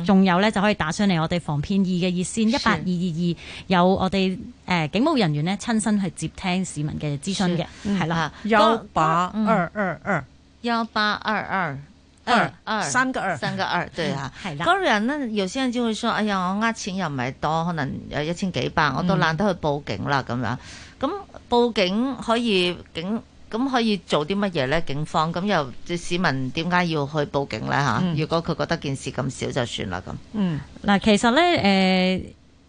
仲有咧就可以打上嚟我哋防騙易嘅熱線一八二二二，有我哋誒警務人員呢親身去接聽市民嘅諮詢嘅，係啦，幺八二二二，幺八二二二二，三個二，三個二，對啊，係啦。Gary，那有些人就會說，哎呀，我呃錢又唔係多，可能有一千幾百，我都懶得去報警啦。咁樣，咁報警可以警。咁可以做啲乜嘢呢？警方咁又市民點解要去報警呢？吓、如果佢覺得件事咁少就算啦咁。嗯，嗱，其實呢，呃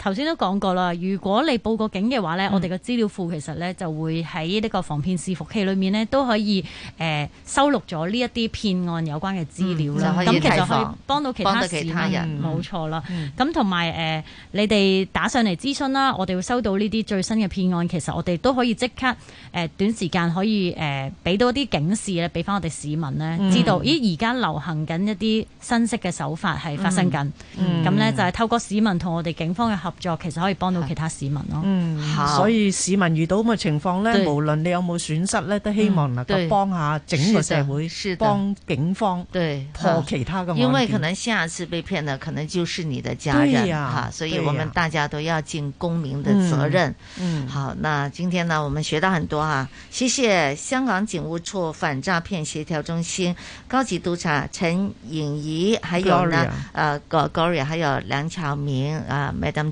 頭先都講過啦，如果你報過警嘅話咧，嗯、我哋嘅資料庫其實咧就會喺呢個防騙伺服器裏面咧都可以誒、呃、收錄咗呢一啲騙案有關嘅資料啦。咁、嗯、其實可以幫到其他市民，冇、嗯、錯啦。咁同埋誒你哋打上嚟諮詢啦，我哋會收到呢啲最新嘅騙案，其實我哋都可以即刻誒、呃、短時間可以誒俾、呃、到一啲警示咧，俾翻我哋市民咧、嗯、知道，咦而家流行緊一啲新式嘅手法係發生緊。咁咧、嗯嗯、就係、是、透過市民同我哋警方嘅合。就其實可以幫到其他市民咯、哦。嗯，好所以市民遇到咁嘅情況呢，對無論你有冇損失呢，都希望能夠幫下整個社會，幫警方破對其他嘅。因為可能下次被騙嘅可能就是你的家人嚇、啊，所以我們大家都要盡公民嘅責任。嗯，好，那今天呢，我們學到很多嚇、啊，謝謝香港警務處反詐騙協調中心高級督察陳頴儀，還有呢，our ier, 呃，Gary，還有梁巧明，啊，Madam。